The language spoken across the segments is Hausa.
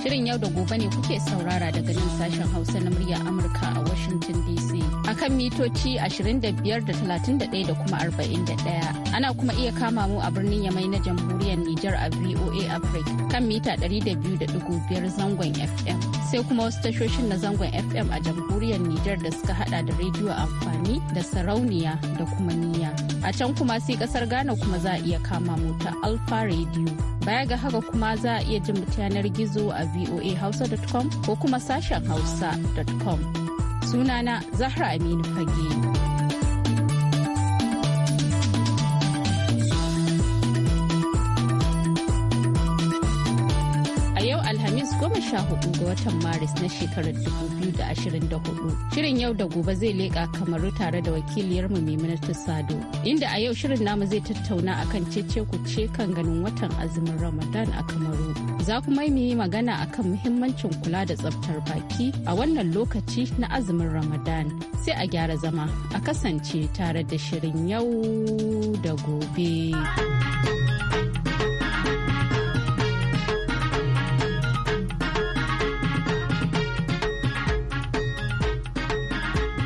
Shirin yau da gobe ne kuke saurara daga nan sashen Hausa na murya Amurka a Washington DC. Akan mitoci 25.31 da kuma 41. Ana kuma iya kama mu a birnin Yamai na jamhuriyar Nijar a VOA Africa kan mita 200.5 zangon FM. Sai kuma wasu tashoshin na zangon FM a jamhuriyar Nijar da suka hada da rediyo amfani da sarauniya da kuma niya. A can kuma sai kasar Ghana kuma za a iya kama mu ta Alpha Radio. Baya ga haka kuma za a iya jin yanar gizo a voa voahausa.com ko kuma sashen hausa.com. Sunana Zahra Aminu Fage. Alhamis goma sha hudu ga watan Maris na shekarar 2024. Shirin yau da gobe zai leƙa kamaru tare da wakiliyarmu Maimunatu Sado. Inda a yau shirin namu zai tattauna akan cece ku ce kan ganin watan azumin Ramadan a Kamaru. Za kuma mu yi magana kan muhimmancin kula da tsaftar baki a wannan lokaci na azumin Ramadan. Sai a gyara zama a kasance tare da shirin yau da gobe.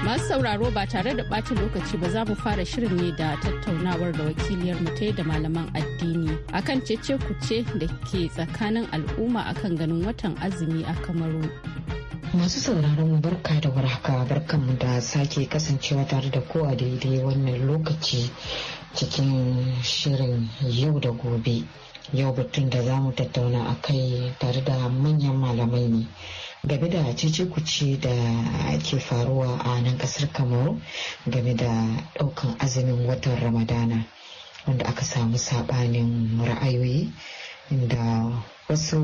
masu sauraro ba tare da ɓata lokaci ba za mu fara shirin ne da tattaunawar da wakiliyar mu ta da malaman addini akan cece kuce da ke tsakanin al'umma akan ganin watan azumi a kamaru masu sauraron barka da warhaka mu da sake kasancewa tare da kowa a daidai wannan lokaci cikin shirin yau da gobe yau batun da za mu tattauna a kai tare da manyan malamai ne game da cece-kuce da ke faruwa a nan kasar kamaru game da daukan azumin watan ramadana wanda aka samu saɓanin ra'ayoyi inda wasu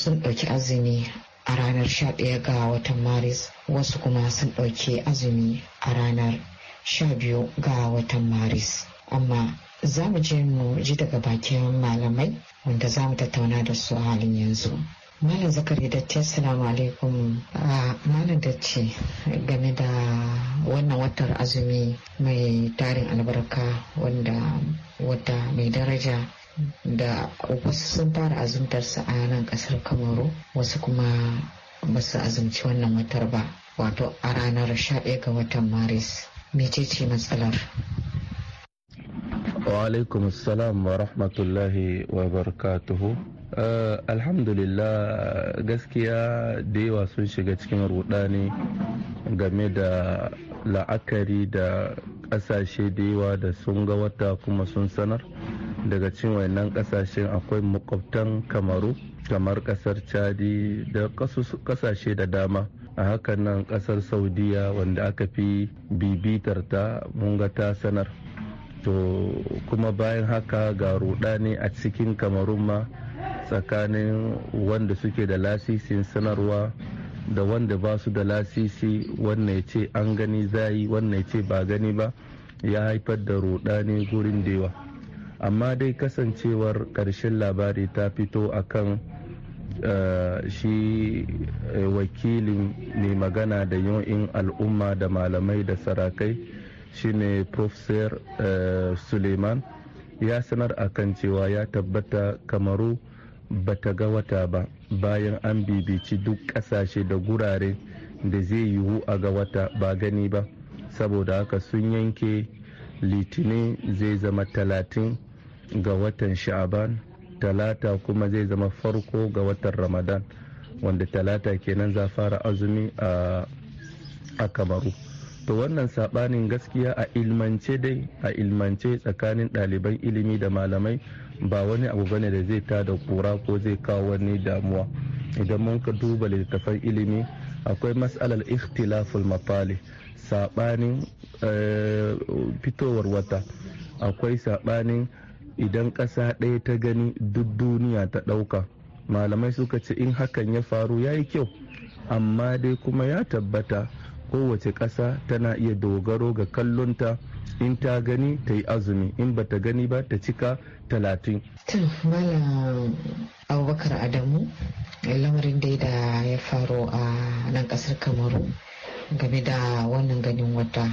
sun ɗauki azumi a ranar 11 ga watan maris wasu kuma sun ɗauki azumi a ranar 12 ga watan maris amma za mu je mu ji daga bakin malamai wanda za mu tattauna da su halin yanzu. Malam Zakari Datti Assalamu alaikum. Malam dace game da wannan watar azumi mai tarin albarka wanda wata mai daraja da wasu sun fara azumtarsa a yanar kasar Kamaru wasu kuma basu azumci wannan watar ba wato a ranar 11 ga watan Maris. ce matsalar? Wa alaikum salam wa rahmatullahi wa barakatuhu. Uh, alhamdulillah gaskiya da yawa sun shiga cikin rudani game da la'akari da kasashe da yawa da sun ga wata kuma sun sanar daga cin wannan kasashen akwai makwabtan kamaru kamar kasar chadi da kasashe da dama a hakan nan kasar saudiya wanda aka fi bibitar ta ga ta sanar to kuma bayan haka ga rudani a cikin kamarun ma tsakanin wanda suke da lasisin sanarwa da wanda ba su da lasisi wannan ce an gani zayi wannan ce ba gani ba ya haifar da rudani gurin dewa amma dai kasancewar karshen labari ta fito akan uh, eh, shi e wakilin mai magana da yau'in al'umma da malamai da sarakai shine professor uh, suleiman ya sanar akan cewa ya tabbata kamaru bata ga wata ba bayan an bibici duk ƙasashe da gurare da zai yiwu a ga wata ba gani ba saboda haka sun yanke litinin zai zama talatin ga watan sha'aban talata kuma zai zama farko ga watan ramadan wanda talata kenan za fara azumi a, a kamaru to wannan sabanin gaskiya a ilmance dai a ilmance tsakanin ɗaliban ilimi da malamai ba wani abu bane da zai ta da kura ko zai kawo wani damuwa idan mun ka duba littafan ilimi akwai matsalar ikhtilaful mafali sabanin eh, fitowar wata akwai sabanin idan ƙasa ɗaya ta gani duk duniya ta ɗauka malamai suka ce in hakan ya faru ya yi kyau amma dai kuma ya tabbata kowace ƙasa tana iya dogaro ga kallonta in ta gani ta yi azumi in ba ta gani ba ta cika talatin. Abubakar Adamu lamarin dai da ya faru a nan kasar Kamaru game da wannan ganin wata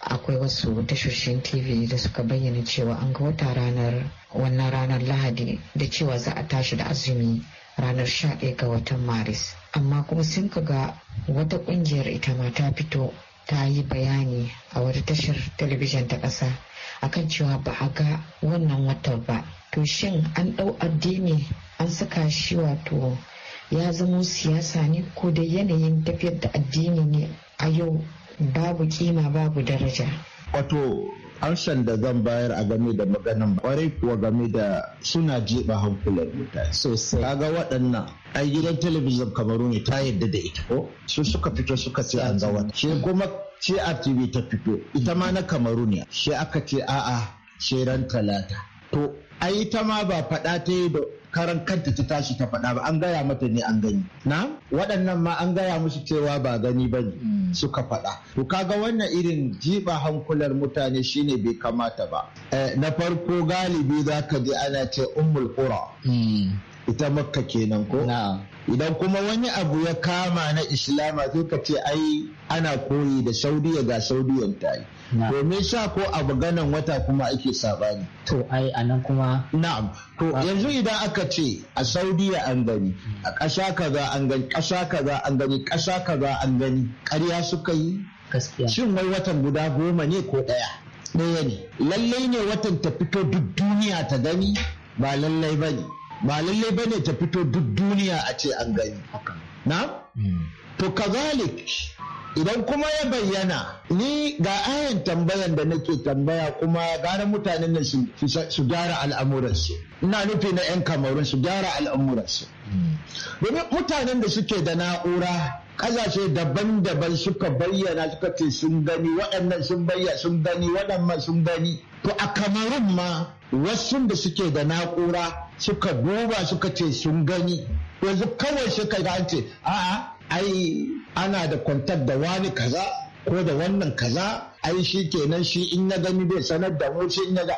akwai wasu tashoshin TV da suka bayyana cewa an ga wata ranar wannan ranar Lahadi da cewa za a tashi da azumi ranar 11 ga watan Maris. Amma kuma sun ga wata kungiyar ita ma ta fito ta yi bayani a wata tashar talabijin ta ƙasa akan cewa ba a ga wannan watan ba to shin an ɗau addini an saka shi wato ya zamo siyasa ne ko da yanayin tafiyar da addini ne a yau babu kima babu daraja wato harshen da zan bayar a game da maganin kwarai kuwa game da suna jeba hankulan mutane sosai kaga waɗannan ai gidan talabijin kamaru ne ta yadda da ita ko su suka fito suka ce an ga wata shi kuma CRTV ta fito ita ma na kamaru ne shi aka ce a'a shi ran talata to a ita ma ba faɗa ta yi da karan kanta ta tashi ta faɗa ba an gaya mata ne an gani na waɗannan ma an gaya musu cewa ba gani ba ne hmm. suka faɗa to kaga wannan irin jiba hankular mutane shine bai kamata ba eh, na farko galibi za ka ji ana ce ummul ƙura hmm. ita makka kenan ko idan kuma wani abu ya kama na islama sai ka ce ai ana koyi da saudiya ga saudiyan ta yi domin sha ko a ganin wata kuma ake sabani to ai anan kuma na'am to yanzu idan aka ce a saudiya an gani a ƙasa kaza an gani ƙasa kaza an gani ƙasa kaza an gani ƙarya suka yi gaskiya shin wai watan guda goma ne ko ɗaya ɗaya ne lallai ne watan ta fito duk duniya ta gani ba lallai ba ne ba lallai bane ta fito duk duniya a ce an gani na hmm. to kazalik idan kuma ya bayyana ni ga ayan tambayan da nake tambaya kuma gara mutanen nan su gyara al'amuransu ina nufi na 'yan kamarun su gyara al'amuransu hmm. domin mutanen da suke da na'ura kasashe daban-daban suka bayyana suka ce sun gani waɗannan sun bayyana sun gani waɗannan sun gani to a kamarun ma wasu da suke da na'ura suka duba suka ce sun gani yanzu kawai suka ce a'a ai ana da kwantar da wani kaza ko da wannan kaza ai shi kenan shi in ya gani bai sanar da mu shi in ya ga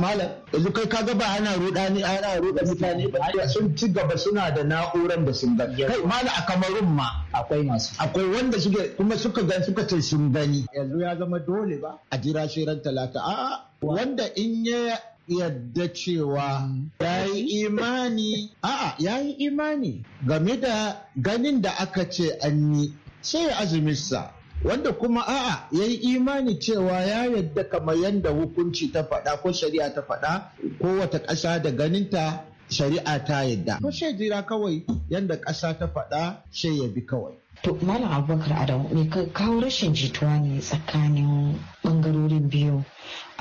malam yanzu kai kaga ba ana ruda ni ana ruda mutane ba sun ci gaba suna da na'uran da sun gani kai malam a kamarun ma akwai masu akwai wanda suke kuma suka gani suka ce sun gani yanzu ya zama dole ba a jira shi ran talata a'a wanda in ya yadda cewa mm. ya yi imani a ya yi imani game da ganin da aka ce an yi sai azumisa, wanda kuma a'a ya yi imani cewa ya yadda kamar yadda hukunci ta faɗa ko shari'a ta faɗa ko wata ƙasa da ganinta shari'a ta yadda ko sai jira kawai yadda ƙasa ta faɗa sai ya bi kawai To Malam Abubakar Adamu me kawo rashin jituwa ne tsakanin bangarorin biyu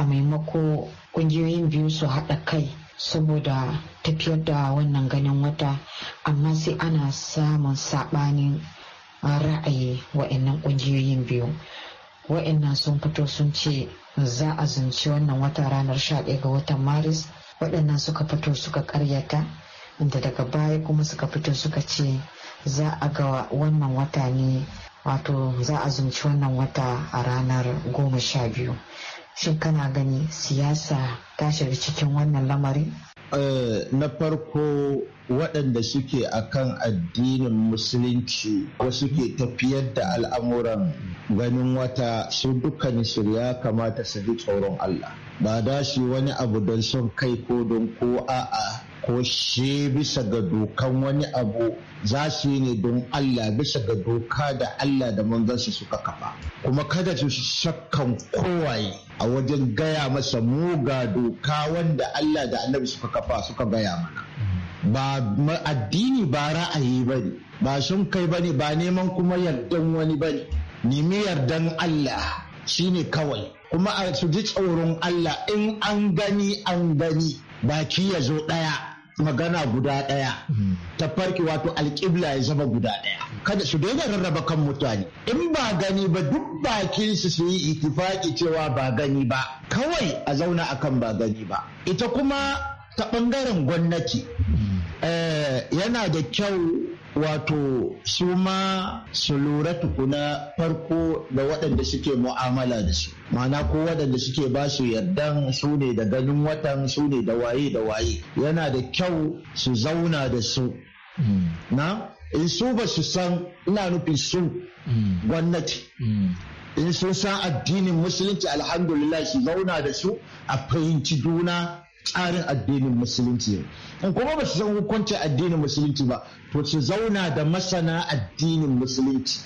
a maimako ƙungiyoyin biyu su haɗa kai saboda tafiyar da wannan ganin wata amma sai ana samun saɓanin ra'ayi wa'annan kungiyoyin biyu wa'annan sun fito sun ce za a zunci wannan wata ranar 11 ga watan maris waɗannan suka fito suka karyata inda daga baya kuma suka fito suka ce za a ga wannan wata ne wato za a zumci wannan wata a ranar goma sha biyu shin kana gani siyasa ta shiga cikin wannan lamarin eh, na farko waɗanda suke a kan addinin musulunci wasu ke tafiyar da al'amuran ganin wata su dukkan shirya kamata su ji tsoron Allah ba da shi wani abu don son kai ko don ko a'a ko shi bisa ga dokan wani abu za su yi ne don Allah bisa ga doka da Allah da manzansa suka kafa kuma kada su shakkan kowaye a wajen gaya masa muga doka wanda Allah da annabi suka kafa suka gaya mana ba addini ba ra'ayi ba ne ba sun kai ba ne ba neman kuma yardan wani ba ne nemi yardan Allah shine kawai kuma a su ji tsoron Allah in an gani an gani baki ya zo ɗaya magana guda ɗaya hmm. ta farki wato alƙibla ya zama guda ɗaya kada su daina rarraba kan mutane in ba gani ba duk bakin su su yi itifaki cewa ba gani ba kawai a zauna akan ba gani ba ita kuma ta ɓangaren gwamnati hmm. eh, yana da kyau wato su ma su lura tukuna farko da waɗanda suke mu'amala da su mana ko waɗanda suke ba su yardan su ne da ganin watan su ne da waye da waye yana da kyau su zauna da su hmm. na in su ba su san ina nufin su hmm. gwamnati hmm. in sun san addinin musulunci alhamdulillah su zauna da su a fahimci juna tsarin addinin musulunci in kuma ba su san hukuncin addinin musulunci ba to su zauna da masana addinin musulunci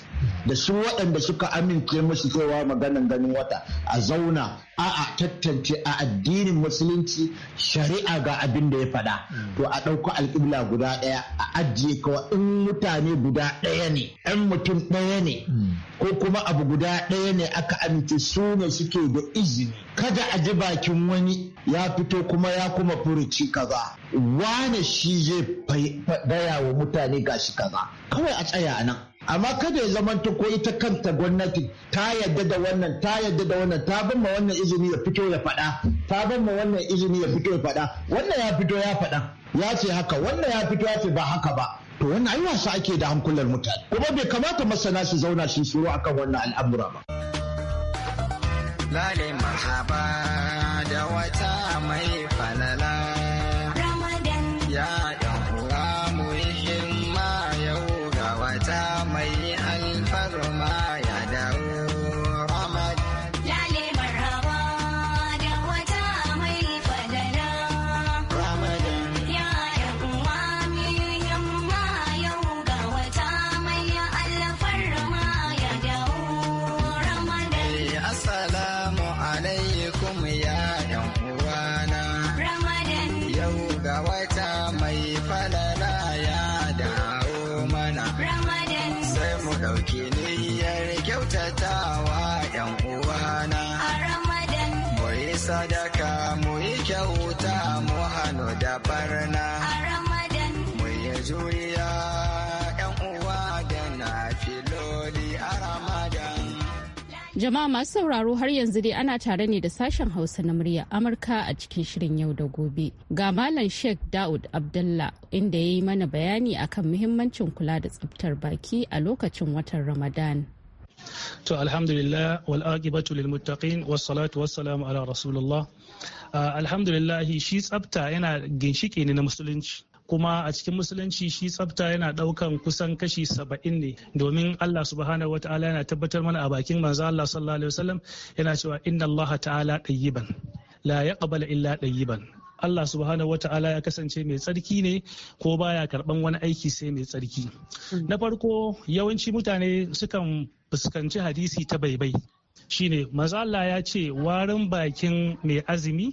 da su waɗanda suka amince musu cewa maganan ganin wata a zauna a a tattance a addinin musulunci shari'a ga abin da ya faɗa to a ɗauko alƙibla guda ɗaya a ajiye kawai in mutane guda ɗaya ne ɗan mutum ɗaya ne ko kuma abu guda ɗaya ne aka amince su ne suke da izini kada a ji bakin wani ya fito kuma ya kuma furuci kaza wane shi zai gaya wa mutane gashi kaza kawai a tsaya nan amma kada ya zama ta ko ita kanta gwamnati ta yadda da wannan ta yadda da wannan ta bin ma wannan izini ya fito ya faɗa ta bin ma wannan izini ya fito ya faɗa wannan ya fito ya faɗa ya ce haka wannan ya fito ya ce ba haka ba to wannan ai wasa ake da hankulan mutane kuma bai kamata masana su zauna su tsoro akan wannan al'amura ba lale mahaba da wata mai falala Jama'a masu sauraro har yanzu dai ana tare ne da sashen Hausa na murya Amurka a cikin shirin yau da gobe. Ga Malam Sheikh Daud Abdullah inda ya yi mana bayani akan muhimmancin kula da tsaftar baki a lokacin watan Ramadan. To alhamdulillah wal aqibatu lil muttaqin was salatu was salamu ala rasulullah. Ah, alhamdulillah shi tsafta yana ginshiki ne na musulunci. kuma a cikin musulunci shi tsafta yana daukan kusan kashi saba'in ne domin Allah subhanahu wa ta'ala yana tabbatar mana a bakin manzo Allah sallallahu alaihi wasallam yana cewa inna Allah ta'ala ɗayyiban la yaqbal illa ɗayyiban Allah subhanahu wa ta'ala ya kasance mai tsarki ne ko baya karban wani aiki sai mai tsarki. Hmm. Na farko yawanci mutane sukan fuskanci hadisi ta baibai shine manzo Allah ya ce warin bakin mai azumi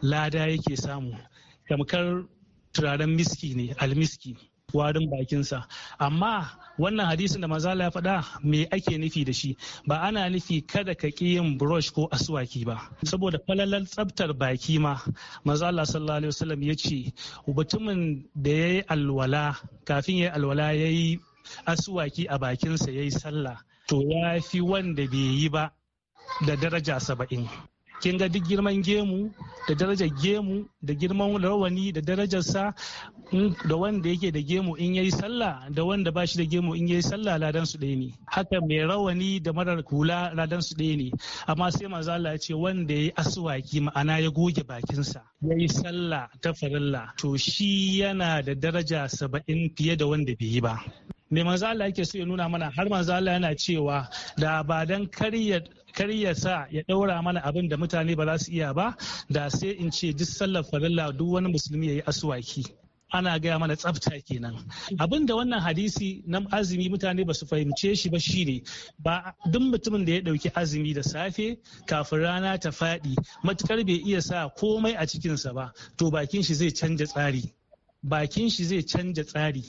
lada yake samu. Tamkar turaren miski ne almiski warin bakinsa amma wannan hadisin da maza ya faɗa me ake nufi da shi ba ana nufi kada ka ƙi yin brush ko aswaki ba saboda falalar tsabtar baki ma mazala sallallahu alaihi wasallam ya ce mutumin da ya yi alwala kafin ya yi alwala ya yi aswaki a bakinsa ya yi sallah to ya fi wanda bai yi ba da daraja saba'in kin ga duk girman gemu da darajar gemu da girman rawani da darajarsa da wanda yake da gemu in yayi sallah da wanda ba shi da gemu in yayi sallah ladan su ɗaya ne haka mai rawani da marar kula ladan su ɗaya ne amma sai manzo Allah ya ce wanda yayi aswaki ma'ana ya goge bakinsa yayi sallah ta farilla to shi yana da daraja saba'in fiye da wanda bai yi ba me manzo Allah yake so ya nuna mana har manzo Allah yana cewa da ba dan karya kar ya sa ya daura mana abin da mutane ba za su iya ba da sai in ce duk sallar farilla duk wani musulmi ya yi asuwaki ana gaya mana tsafta kenan abin da wannan hadisi na azumi mutane ba su fahimce shi ba shi ne ba duk mutumin da ya dauki azumi da safe kafin rana ta faɗi matukar bai iya sa komai a cikinsa ba to bakin shi zai canja tsari bakin shi zai canja tsari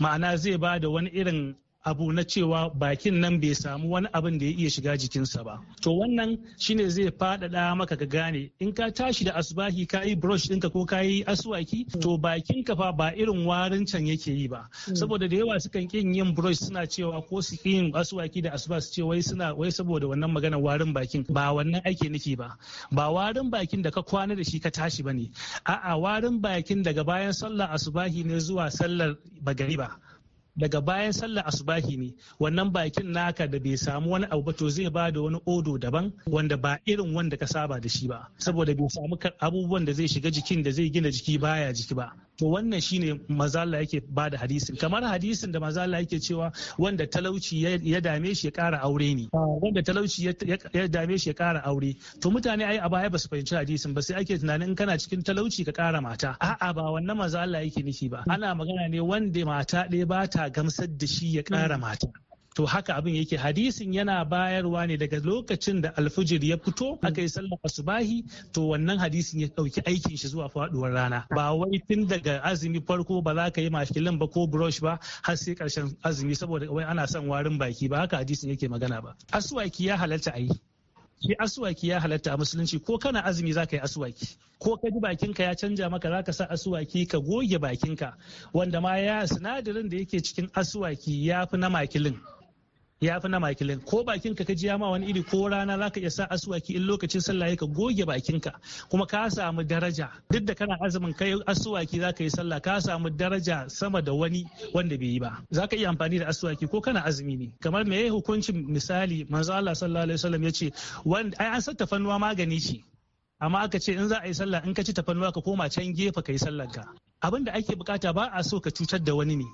ma'ana zai ba da wani irin abu na cewa bakin nan bai samu wani abin da ya iya shiga jikinsa ba to wannan shine zai faɗaɗa maka ka gane in ka tashi da asubahi ka yi brush ɗinka ko ka yi asuwaki to bakin ka ba irin warin can yake yi ba hmm. saboda da yawa sukan kin yin brush suna cewa ko su yin asuwaki da asuba su ce wai suna wai saboda wannan magana warin bakin ba wannan ake nufi ba ba warin bakin da ka kwana da shi ka tashi bane a'a warin bakin daga bayan sallar asubahi ne zuwa sallar bagari ba daga bayan sallar asubahi ne wannan bakin naka da bai samu wani abu ba to zai ba da wani odo daban wanda ba irin wanda ka saba da shi ba saboda bai samu abubuwan da zai shiga jikin da zai gina jiki baya jiki ba to wannan shine mazala yake ba hadisin kamar hadisin da mazala yake cewa wanda talauci ya dame shi ya kara aure ne wanda talauci ya dame shi ya kara ah. aure to mutane ai a baya ba su fahimci hadisin ba sai ake tunanin in kana cikin talauci ka kara mata a'a ba wannan mazala yake nufi ba ana magana ne wanda mata ɗaya ba ta gamsar da shi ya kara mata to haka abin yake hadisin yana bayarwa ne daga lokacin da alfijir ya fito aka yi sallar asubahi to wannan hadisin ya ɗauki aikin shi zuwa faduwar rana ba wai tun daga azumi farko ba za ka yi mashkilin ba ko brush ba har sai karshen azumi saboda wai ana son warin baki ba haka hadisin yake magana ba aswaki ya halatta a shi aswaki ya halatta musulunci ko kana azumi za ka yi aswaki ko ka ji bakinka ya canja maka za ka sa aswaki ka goge bakinka wanda ma ya sinadarin da yake cikin aswaki ya fi na makilin ya fi na makilin ko bakin ka ji ma wani iri ko rana za ka iya sa asuwaki in lokacin sallah ya ka goge bakin ka kuma ka samu daraja duk da kana azumin kai asuwaki za ka yi sallah ka samu daraja sama da wani wanda bai yi ba za ka iya amfani da asuwaki ko kana azumi ne kamar me hukuncin misali manzo Allah sallallahu alaihi wasallam yace wanda ai an san tafannuwa magani ce amma aka ce in za a yi sallah in ka ci tafannuwa ka koma can gefe ka yi sallar ka abin da ake bukata ba a so ka cutar da wani ne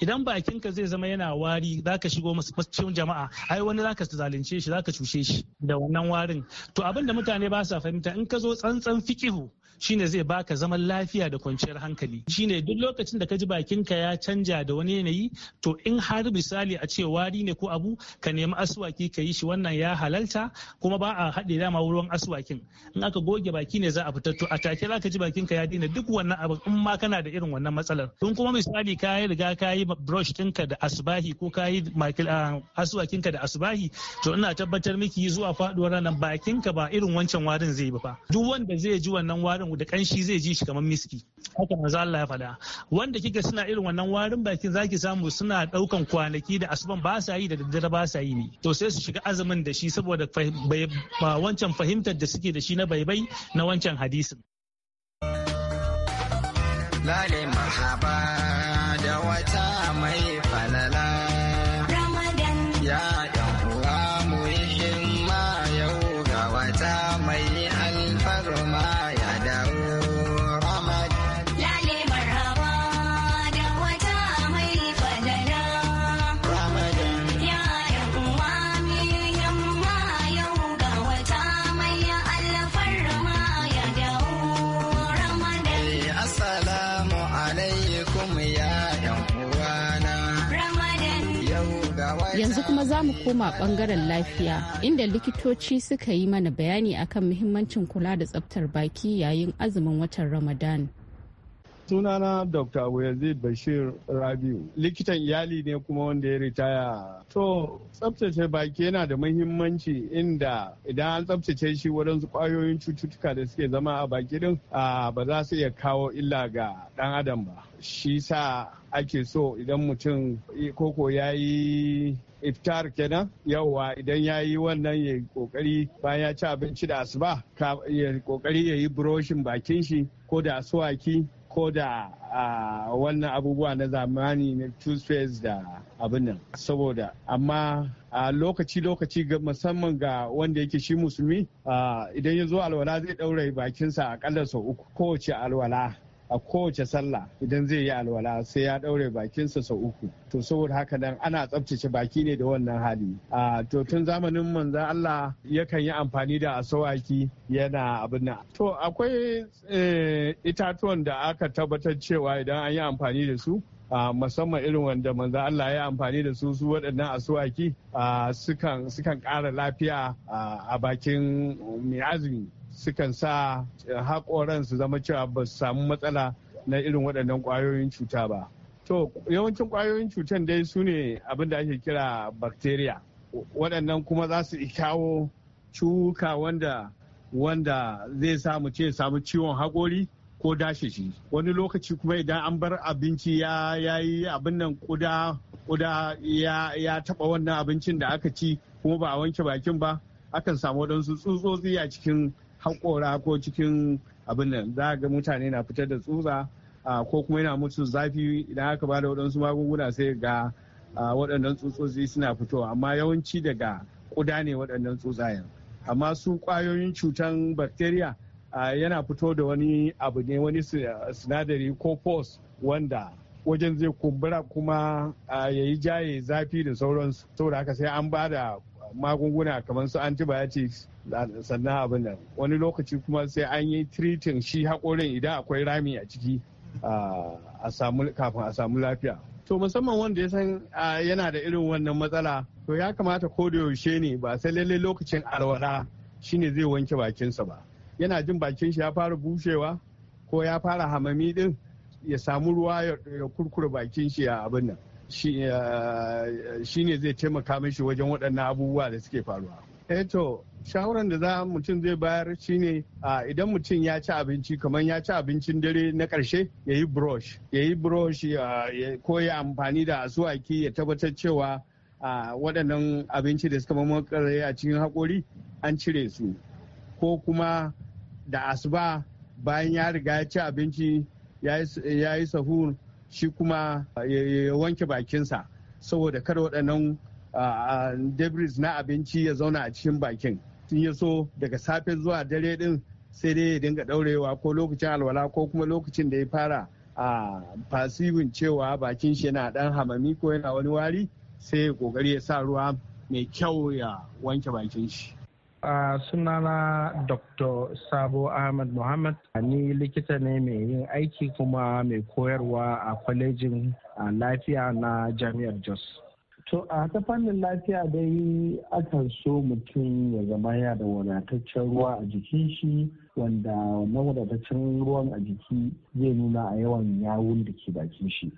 idan bakinka zai zama yana wari za ka shigo masallacin jama'a ai wani za ka zalunce shi za ka cushe shi da wannan warin to abin da mutane ba sa fahimta in ka zo tsantsan fikihu shine zai baka zaman lafiya da kwanciyar hankali shine duk lokacin da ka ji bakinka ya canja da wani yanayi to in har misali a ce wari ne ko abu ka nemi aswaki ka yi shi wannan ya halalta kuma ba a haɗe dama ruwan aswakin in aka goge baki ne za a fitar to a take za ka ji bakinka ya daina duk wannan abin in ma kana da irin wannan matsalar in kuma misali ka yi riga ka yi brush ɗinka da asbahi ko ka yi ah, ka da asbahi to ina tabbatar miki zuwa faɗuwar ranar bakinka ba irin wancan warin zai yi ba duk wanda zai ji wannan warin da kanshi zai ji shi kamar miski haka manzo Allah ya faɗa wanda kika suna irin wannan warin bakin zaki samu suna daukan kwanaki da asuban ba sa yi da daddare ba sa yi ne to sai su shiga azumin da shi saboda wancan fahimtar da suke da shi na baibai na wancan hadisin mahaba yanzu kuma za mu koma bangaren lafiya inda likitoci suka yi mana bayani akan muhimmancin kula da tsaftar baki yayin azumin watan Ramadan. sunana dr yazid bashir rabiu likitan iyali ne kuma wanda ya ritaya to tsabtace baki yana da muhimmanci inda idan an tsabtace shi wadansu kwayoyin cututtuka da suke zama a baki din ba za su iya kawo illa ga ɗan adam ba shi sa ake so idan mutum koko ya yi iftar kenan yauwa idan ya yi wannan ya kokari bayan ya ci abinci da asuba ya kokari ya yi buroshin bakin shi ko da suwaki ko da wannan abubuwa na zamani na toothpaste da abin nan saboda amma a lokaci-lokaci musamman ga wanda yake shi musulmi idan ya zo alwala zai ɗaure bakinsa akalla sau uku kowace alwala a kowace sallah idan zai yi alwala sai ya ɗaure bakinsa sau uku to saboda haka nan ana tsabtace baki ne da wannan hali a to tun zamanin manzan Allah yakan yi amfani da asawaki yana abin nan to akwai eh, itatuwan da aka tabbatar cewa idan an yi amfani da su musamman irin wanda manzan Allah ya amfani da su su waɗannan asuwaki sukan ƙara lafiya a bakin mai azumi sukan sa haƙoran su zama cewa ba su samu matsala na irin waɗannan ƙwayoyin cuta ba. To yawancin ƙwayoyin cutan dai su ne abin da ake kira bakteriya Waɗannan kuma za su kawo cuka wanda wanda zai samu ce samu ciwon haƙori ko dashe shi. Wani lokaci kuma idan an bar abinci ya yi abin nan kuda kuda ya taɓa wannan abincin da aka ci kuma ba a wanke bakin ba akan samu waɗansu tsutsotsi a cikin haƙora ko cikin abin nan za ga mutane na fitar da tsutsa ko kuma yana mutu zafi idan aka ba da waɗansu magunguna sai ga waɗannan tsutsotsi suna fitowa amma yawanci daga ƙuda ne waɗannan tsutsayen amma su ƙwayoyin cutan bacteria yana fito da wani abu ne wani sinadari ko pos wanda wajen zai kumbura kuma ya yi jaye zafi da sauransu saboda haka sai an ba da magunguna kamar su antibiotics sannan abin nan wani lokaci kuma sai an yi tritin shi haƙorin idan akwai rami a ciki kafin a samu lafiya to musamman wanda ya san yana da irin wannan matsala to ya kamata ko da yaushe ne ba sai lallai lokacin alwala shine zai wanke bakinsa ba yana jin bakin shi ya fara bushewa ko ya fara hamami din ya samu ruwa ya kurkure bakin shi a abin nan shi ne zai taimaka mashi wajen waɗannan abubuwa da suke faruwa. eto eh shawaran da za mutum zai bayar shine idan mutum ya ci abinci kamar ya ci abincin dare na karshe ya yi brush ya yi brush ko ya amfani da asuwaki ya tabbatar cewa waɗannan abinci da suka mamakare a cikin haƙori an cire su ko kuma da asuba bayan ya riga ya ci abinci ya yi sahur shi kuma ya wanke bakinsa saboda kar waɗannan debris na abinci ya zauna a cikin bakin sun ya so daga safe zuwa dare din sai dai ya dinga daurewa ko lokacin alwala ko kuma lokacin da ya fara a fasihun cewa bakin shi yana dan hamami ko yana wani wari sai ya kokari ya sa ruwa mai kyau ya wanke bakin shi A sunana dr sabo ahmad muhammad ni likita ne mai yin aiki kuma mai koyarwa a kwalejin lafiya na jami'ar jos To a ta fannin lafiya dai aka so mutum ya zama ya da wadataccen ruwa a jikin shi wanda wannan wadataccen ruwan a jiki zai nuna a yawan yawun da ke bakin shi.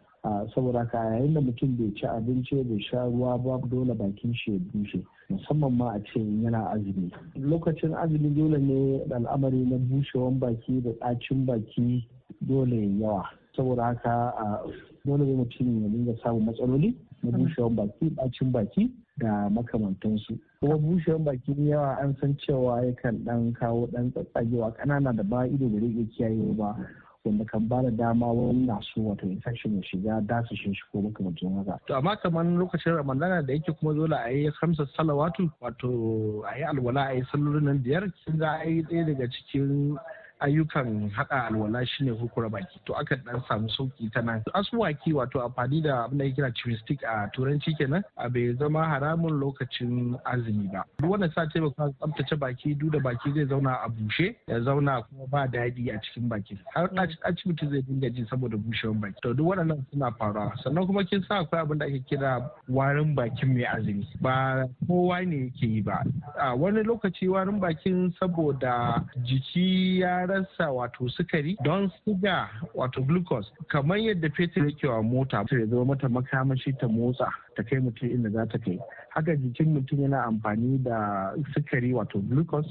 saboda ka yayin da mutum bai ci abinci bai sha ruwa ba dole bakin shi ya bushe musamman ma a ce yana azumi lokacin azumi dole ne al'amari na bushewan baki da ɗacin baki dole yawa saboda haka dole ne mutum ya dinga samun matsaloli na bushewan baki bacin baki da makamantansu kuma bushewan baki yawa an san cewa yakan dan kawo dan tsatsagewa kanana da ba ido da rike kiyayewa ba wanda kan ba da dama wani na so wato infection ya shiga dasa shi ko mutum haka. To amma kamar lokacin Ramadana da yake kuma dole a yi kamsa salawatu wato a yi alwala a yi sallolin nan biyar kin za a yi ɗaya daga cikin ayyukan haɗa alwala shine hukura baki to aka ɗan samu sauki ta nan asuwaki wato amfani da abin da ya kira chopstick a turanci kenan a bai zama haramun lokacin azumi ba duk wanda sa ce ba tsaftace baki duk da baki zai zauna a bushe ya zauna kuma ba daɗi a cikin baki har ɗaci mutum zai dinga ji saboda bushewar baki to duk waɗannan suna faruwa sannan kuma kin sa akwai abin da ake kira warin bakin mai azumi ba kowa ne yake yi ba a wani lokaci warin bakin saboda jiki ya rasa wato sukari don suga wato glucose kamar yadda fetur yake wa mota ya zama mata makamashi ta motsa ta kai mutum inda za ta kai haka jikin mutum yana amfani da sukari wato glucose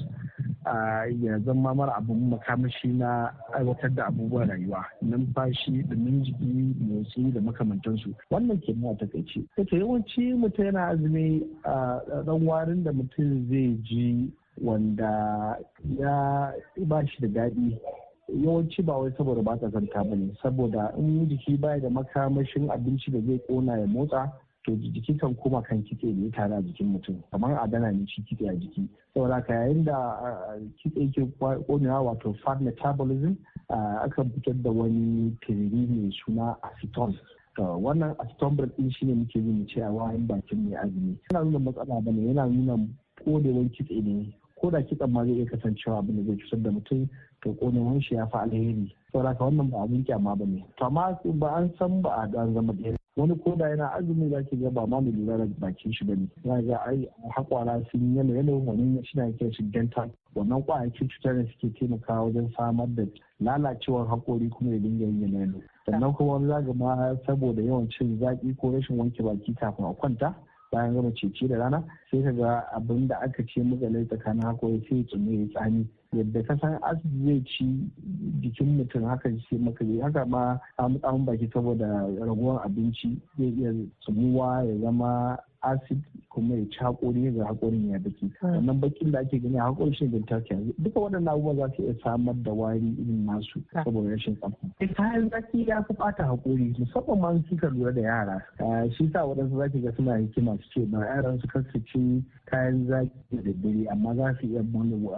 ya zama mara abun makamashi na aiwatar da abubuwan rayuwa numfashi da jiki motsi da makamantansu wannan ke a takaice yawanci mutum yana azumi a ɗan warin da mutum zai ji wanda ya ba shi da daɗi yawanci ba wai saboda ba kazanta ba ne saboda in jiki baya da makamashin abinci da zai kona ya motsa to jiki kan koma kan kitse ne tare a jikin mutum kamar a dana ne shi kitse a jiki saboda ka yayin da ah, kitse ke konewa wato fat metabolism ah, aka fitar da wani tiriri mai suna acetone wannan acetone break din shine muke yi mu ce a wayan bakin mai azumi yana nuna matsala bane yana nuna kodewan kitse ne ko da kitsan ma zai iya kasancewa abin da zai cutar da mutum to ƙonewan shi ya fi alheri saboda wannan ba abin kyama ba ne to amma ba an san ba a an zama da wani koda yana azumi za ki ga ba ma mu lura da bakin shi bane za ga ai hakwara sun yana yana wani shi na kiran shi danta wannan kwayakin cutar da suke taimakawa wajen samar da lalacewar hakori kuma ya dinga yin yana sannan kuma wani zaga saboda yawan cin zaki ko rashin wanke baki kafin a kwanta bayan gama ceci da rana sai ka ga abin da aka ce mugale tsakanin hakori sai ya tsumi ya tsami yadda ka san acid zai ci jikin mutum haka shi maka haka ma tsamun baki saboda raguwar abinci zai iya samuwa ya zama acid kuma ya ci haƙori ga haƙorin ya baki hmm. wannan bakin da ake gani a haƙorin shi da yanzu duka waɗannan abubuwa za su iya samar da wari irin nasu hmm. saboda rashin tsafta kayan zaki ya fi ɓata haƙori musamman ma suka lura da yara ah, shi sa waɗansu za ki ga suna hikima su ce ba yaran su kan su ci kayan zaki da daddare amma za su iya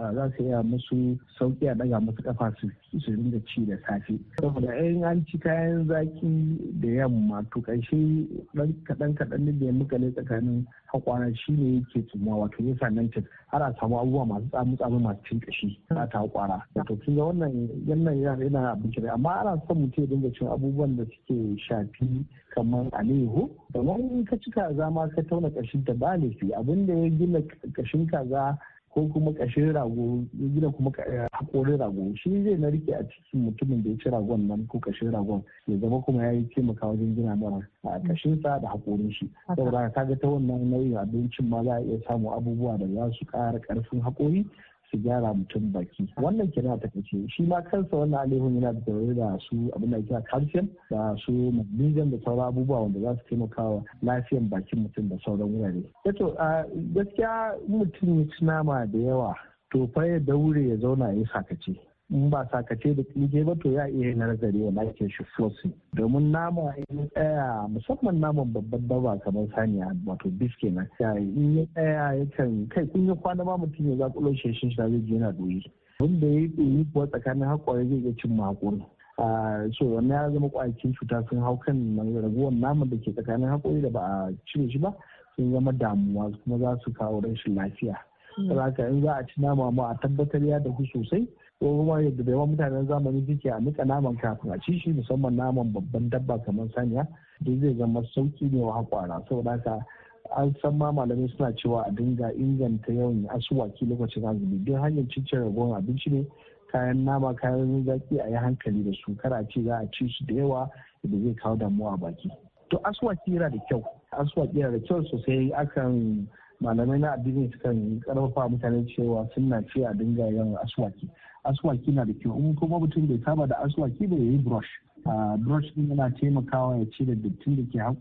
ah, za su iya Su sauki a daga musu kafa su su dinga ci da safe saboda in an ci kayan zaki da yamma to karshe dan kadan kadan da ya muka ne tsakanin hakwana shi ne yake tsumuwa wato ya sanantin har a samu abubuwa masu tsamu tsamu masu cin kashi za ta hakwara to kin ga wannan yannan yana yana abinci amma ana son mutum ya dinga cin abubuwan da suke shafi kamar alehu kamar in ka ci kaza ma ka tauna kashin ta ba laifi abin da ya gina kashin kaza ko kuma ƙashin rago gina kuma eh, haƙorin rago shi zai na rike a cikin mutumin da ya ci ragon nan ko ƙashin ragon ya zama kuma ya yi taimaka wajen gina mara a ƙashin sa da haƙorin shi saboda kaga ta wannan nau'in abincin ma za a iya samu abubuwa da za su ƙara ƙarfin haƙori su gyara mutum baki wannan kina ta kace shi ma kansa wannan alihun yana da tare da su abin da a calcium da su magnesium da sauran abubuwa wanda za su taimaka wa lafiyan bakin mutum da sauran wurare yato eh gaskiya mutum ya ci nama da yawa to fa ya daure ya zauna ya sakace in ba sakace da kinje ba to ya iya nazari wa nake shi fosi. domin nama in tsaya musamman naman babban baba kamar saniya wato na kenan in ya tsaya ya kan kai kun yi kwana ma mutum ya zakulo shi shi zai je yana doyi da ya yi kuwa tsakanin haƙwari zai iya cin makon ah, so wannan ya zama kwakin cuta sun hau kan raguwar naman da ke tsakanin haƙori da ba a cire shi ba sun zama damuwa kuma za su kawo rashin lafiya. Hmm. Saboda in za a ci nama ma a tabbatar ya dahu sosai ko kuma yadda da yawan mutanen zamani suke a nika naman kafin a ci shi musamman naman babban dabba kamar saniya duk zai zama sauki ne wa hakwara saboda haka an san ma malamai suna cewa a dinga inganta yawan asuwaki lokacin azumi duk hanyar cice ragon abinci ne kayan nama kayan zaki a yi hankali da su kar a ce za a ci su da yawa da zai kawo damuwa baki to aswaki yana da kyau asuwaki yana da kyau sosai akan malamai na addini sukan karfafa mutane cewa suna ce a dinga yawan aswaki aswaki na da kyau in kuma mutum bai saba da aswaki bai yi brush ah, brush din yana taimakawa ya cire dattin da ke a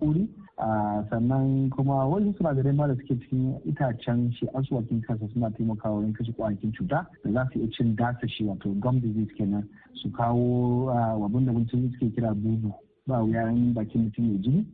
ah, sannan kuma suna sinadarai ma da suke cikin itacen shi aswakin kansa suna taimakawa wajen kashe kwayoyin cuta da za su iya cin dasa shi wato gum disease kenan su kawo ah, abin da mutum suke kira bubu ba wuyan bakin mutum ya jini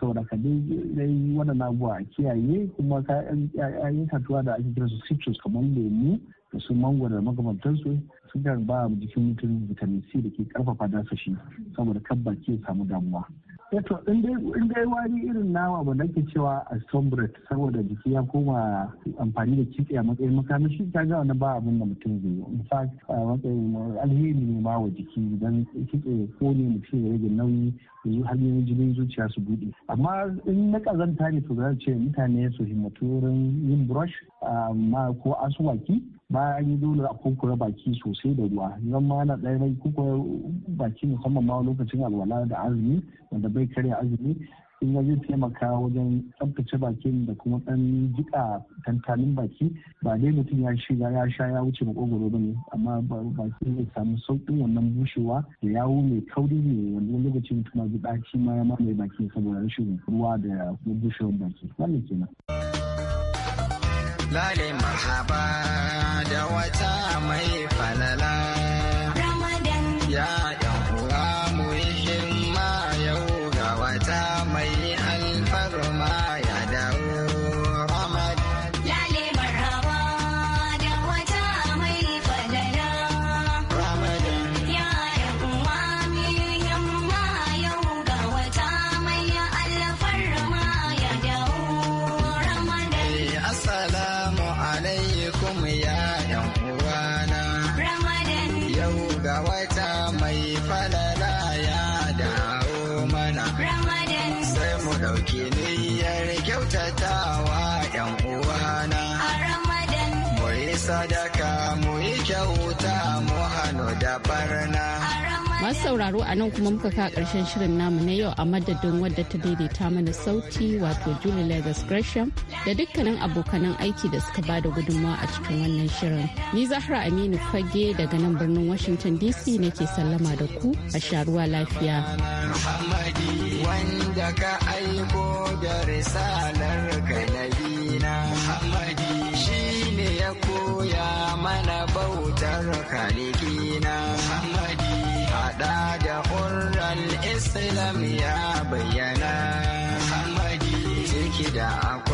saboda ka dai a abubuwa kiyaye kuma 'ya'yan itatuwa da ake kira su citrus kamar lemu su mangwaro da makamantansu sukan ba jikin mutum vitamin c da ke karfafa shi saboda kan baki ya samu damuwa eto eh in dai wani irin nawa ba nake cewa a sombret saboda jiki ya koma amfani da kitse a matsayin makamashi ta ga na ba abin da mutum zai yi in fact a matsayin alheri ne ma wa jiki don kitse ko ne mutum ya rage nauyi yanzu hanyoyin jinin zuciya su buɗe amma in na ƙazanta ne to za ce mutane su himmatu wurin yin brush ah, ma ko asuwaki bayan an yi dole a kurkure baki sosai da ruwa zan ma na ɗaya mai kurkure baki musamman ma lokacin alwala da azumi wanda bai karya azumi in ya zai taimaka wajen tsabtace bakin da kuma ɗan jiƙa tantanin baki ba dai mutum ya shiga ya sha ya wuce makogoro ba ne amma baki zai samu sauƙin wannan bushewa da yawo mai kauri ne wanda wani lokacin mutum ma ji ɗaci ma ya mamaye baki saboda rashin ruwa da bushewar baki wannan kenan. lale mahaba da wata mai wata mai falala ya dawo mana. Sai mu ɗauki niyyar kyautatawa ‘yan uwana. Mu yi sadaka mu yi kyauta mu hannu da barna. masu sauraro a nan kuma muka kawo karshen shirin namu na yau a madadin wadda ta daidaita mana sauti wato julie lagos gresham da dukkanin abokanan aiki da suka ba da gudunmawa a cikin wannan shirin ni zahra aminu fage daga nan birnin washington dc nake sallama da ku a sharuwa lafiya wanda ka aibo da risalar shi ne ya koya mana bautar kalikina da da hurral islam ya bayyana hamadi ciki da akwai